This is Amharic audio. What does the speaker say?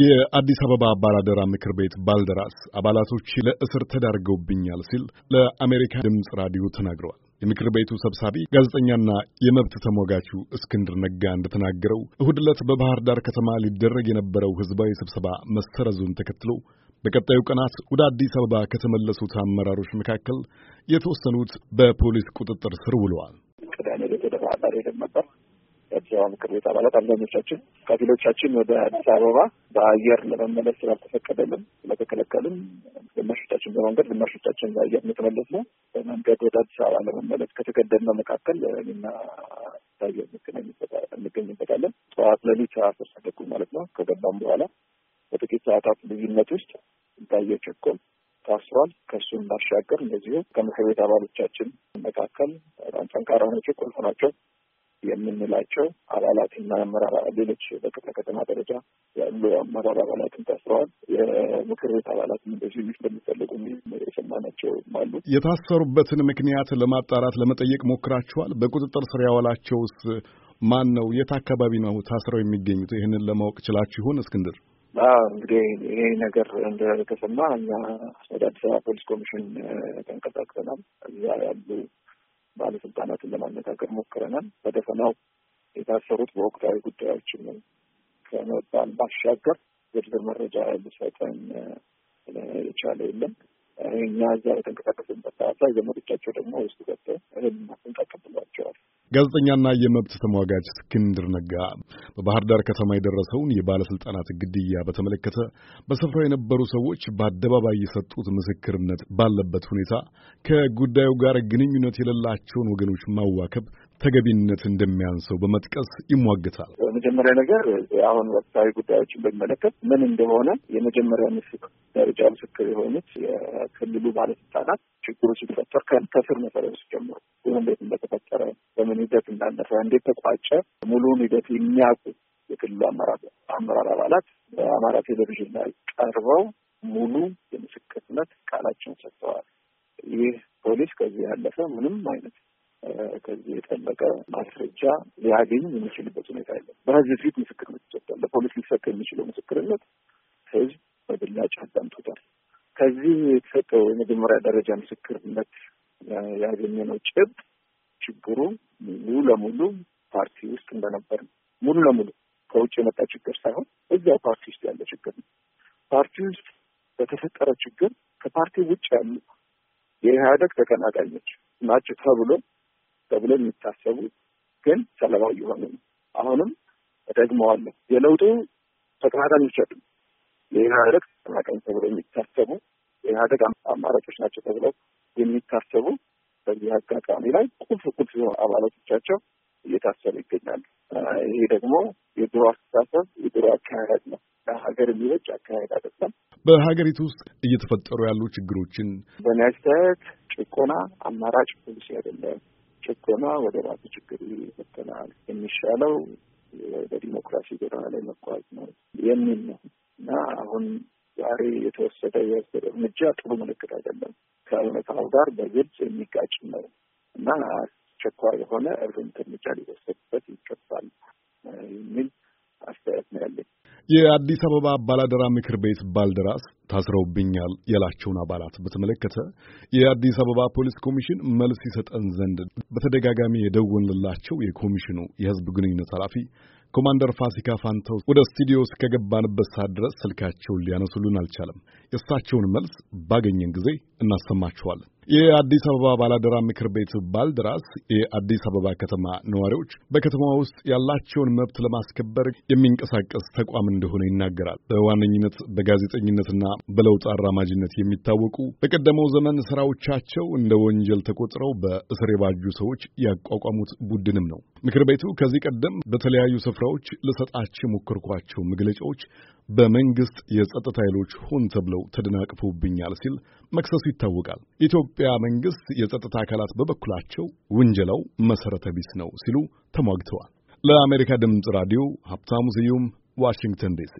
የአዲስ አበባ አባላደራ ምክር ቤት ባልደራስ አባላቶች ለእስር ተዳርገውብኛል ሲል ለአሜሪካ ድምፅ ራዲዮ ተናግረዋል። የምክር ቤቱ ሰብሳቢ ጋዜጠኛና የመብት ተሟጋቹ እስክንድር ነጋ እንደተናገረው እሁድ ዕለት በባህር ዳር ከተማ ሊደረግ የነበረው ህዝባዊ ስብሰባ መሰረዙን ተከትሎ በቀጣዩ ቀናት ወደ አዲስ አበባ ከተመለሱት አመራሮች መካከል የተወሰኑት በፖሊስ ቁጥጥር ስር ውለዋል። ቅዳሜ የአዲስ አበባ ምክር ቤት አባላት አብዛኞቻችን፣ ከፊሎቻችን ወደ አዲስ አበባ በአየር ለመመለስ ስላልተፈቀደልን ስለተከለከልን፣ ግማሾቻችን በመንገድ ግማሾቻችን በአየር የተመለስ ነው። በመንገድ ወደ አዲስ አበባ ለመመለስ ከተገደድነው መካከል እኔና ታየ እንገኝበታለን። ጠዋት ለሊት ሰዓት ተሰደቁ ማለት ነው። ከገባም በኋላ በጥቂት ሰዓታት ልዩነት ውስጥ ታየ ቸኮል ታስሯል። ከእሱም ባሻገር እንደዚሁ ከምክር ቤት አባሎቻችን መካከል በጣም ጠንካራ ሆኖ ቸኮል ሆናቸው የምንላቸው አባላትና አመራር ሌሎች በከተማ ደረጃ ያሉ አመራር አባላትን ታስረዋል። የምክር ቤት አባላትም እንደዚሁ እንደሚፈልጉ የሰማናቸው አሉ። የታሰሩበትን ምክንያት ለማጣራት ለመጠየቅ ሞክራችኋል? በቁጥጥር ስር ያዋላቸውስ ማን ነው? የት አካባቢ ነው ታስረው የሚገኙት? ይህንን ለማወቅ ችላችሁ ይሆን እስክንድር? እንግዲህ ይሄ ነገር እንደተሰማ እኛ ወደ አዲስ አበባ ፖሊስ ኮሚሽን ተንቀሳቅሰናል። እዛ ያሉ ባለስልጣናትን ለማነጋገር ሞክረናል። በደፈናው የታሰሩት በወቅታዊ ጉዳዮችም ከመባል ባሻገር ዝርዝር መረጃ ሊሰጠን የቻለ የለም። እኛ እዚያ የተንቀሳቀስንበት ሰዓት ላይ ዘመዶቻቸው ደግሞ ውስጥ ገብተው እህል ማስጠንቀቅ ብሏቸዋል። ጋዜጠኛና የመብት ተሟጋጅ እስክንድር ነጋ በባህር ዳር ከተማ የደረሰውን የባለስልጣናት ግድያ በተመለከተ በስፍራው የነበሩ ሰዎች በአደባባይ የሰጡት ምስክርነት ባለበት ሁኔታ ከጉዳዩ ጋር ግንኙነት የሌላቸውን ወገኖች ማዋከብ ተገቢነት እንደሚያንሰው በመጥቀስ ይሟግታል። በመጀመሪያ ነገር አሁን ወቅታዊ ጉዳዮችን በሚመለከት ምን እንደሆነ የመጀመሪያ ምስክ ደረጃ ምስክር የሆኑት የክልሉ ባለስልጣናት ችግሩ ሲፈጠር ከስር መሰረት ጀምሮ እንዴት እንደተፈጠረ በምን ሂደት እንዳለፈ እንዴት ተቋጨ ሙሉውን ሂደት የሚያውቁ የክልሉ አመራር አባላት በአማራ ቴሌቪዥን ላይ ቀርበው ሙሉ የምስክርነት ቃላቸውን ሰጥተዋል። ይህ ፖሊስ ከዚህ ያለፈ ምንም አይነት ከዚህ የጠበቀ ማስረጃ ሊያገኝ የሚችልበት ሁኔታ የለም። በህዝብ ፊት ምስክርነት ይሰጣል። ለፖሊስ ሊሰጥ የሚችለው ምስክርነት ህዝብ በግላጭ አዳምጦታል። ከዚህ የተሰጠው የመጀመሪያ ደረጃ ምስክርነት ያገኘነው ጭብጥ ችግሩ ሙሉ ለሙሉ ፓርቲ ውስጥ እንደነበር ነው። ሙሉ ለሙሉ ከውጭ የመጣ ችግር ሳይሆን እዚያው ፓርቲ ውስጥ ያለ ችግር ነው። ፓርቲ ውስጥ በተፈጠረ ችግር ከፓርቲ ውጭ ያሉ የኢህአደግ ተቀናቃኞች ናቸው ተብሎ ተብሎ የሚታሰቡ ግን ሰለባ እየሆኑ ነው። አሁንም እደግመዋለሁ፣ የለውጡ ተቀናቃኞች አሉ። የኢህአደግ ተቀናቃኝ ተብሎ የሚታሰቡ የኢህአደግ አማራጮች ናቸው ተብለው የሚታሰቡ በዚህ አጋጣሚ ላይ ቁልፍ ቁልፍ አባላቶቻቸው እየታሰሩ ይገኛሉ። ይሄ ደግሞ የድሮ አስተሳሰብ የድሮ አካሄድ ነው። ለሀገር የሚበጅ አካሄድ አይደለም። በሀገሪቱ ውስጥ እየተፈጠሩ ያሉ ችግሮችን በእኔ አስተያየት ጭቆና አማራጭ ፖሊሲ አይደለም። ጭቆና ወደ ባቱ ችግር ይፈተናል። የሚሻለው በዲሞክራሲ ጎዳና ላይ መጓዝ ነው የሚል ነው እና አሁን ዛሬ የተወሰደ የወሰደ እርምጃ ጥሩ ምልክት አይደለም። ከእውነታው ጋር በግልጽ የሚጋጭ ነው እና አስቸኳይ የሆነ እርምት እርምጃ ሊወሰድበት ይገባል የሚል አስተያየት ነው ያለኝ። የአዲስ አበባ ባላደራ ምክር ቤት ባልደራስ ታስረውብኛል ያላቸውን አባላት በተመለከተ የአዲስ አበባ ፖሊስ ኮሚሽን መልስ ይሰጠን ዘንድ በተደጋጋሚ የደወንላቸው የኮሚሽኑ የሕዝብ ግንኙነት ኃላፊ ኮማንደር ፋሲካ ፋንተው ወደ ስቱዲዮ እስከገባንበት ሰዓት ድረስ ስልካቸውን ሊያነሱልን አልቻለም። የእሳቸውን መልስ ባገኘን ጊዜ እናሰማችኋለን። የአዲስ አበባ ባላደራ ምክር ቤት ባልደራስ የአዲስ አበባ ከተማ ነዋሪዎች በከተማ ውስጥ ያላቸውን መብት ለማስከበር የሚንቀሳቀስ ተቋም እንደሆነ ይናገራል። በዋነኝነት በጋዜጠኝነትና በለውጥ አራማጅነት የሚታወቁ በቀደመው ዘመን ስራዎቻቸው እንደ ወንጀል ተቆጥረው በእስር የባጁ ሰዎች ያቋቋሙት ቡድንም ነው። ምክር ቤቱ ከዚህ ቀደም በተለያዩ ስፍራዎች ልሰጣቸው የሞከርኳቸው መግለጫዎች በመንግስት የጸጥታ ኃይሎች ሆን ተብለው ተደናቅፈውብኛል ሲል መክሰሱ ይታወቃል። የኢትዮጵያ መንግስት የጸጥታ አካላት በበኩላቸው ውንጀላው መሠረተ ቢስ ነው ሲሉ ተሟግተዋል። ለአሜሪካ ድምፅ ራዲዮ ሀብታሙ ስዩም ዋሽንግተን ዲሲ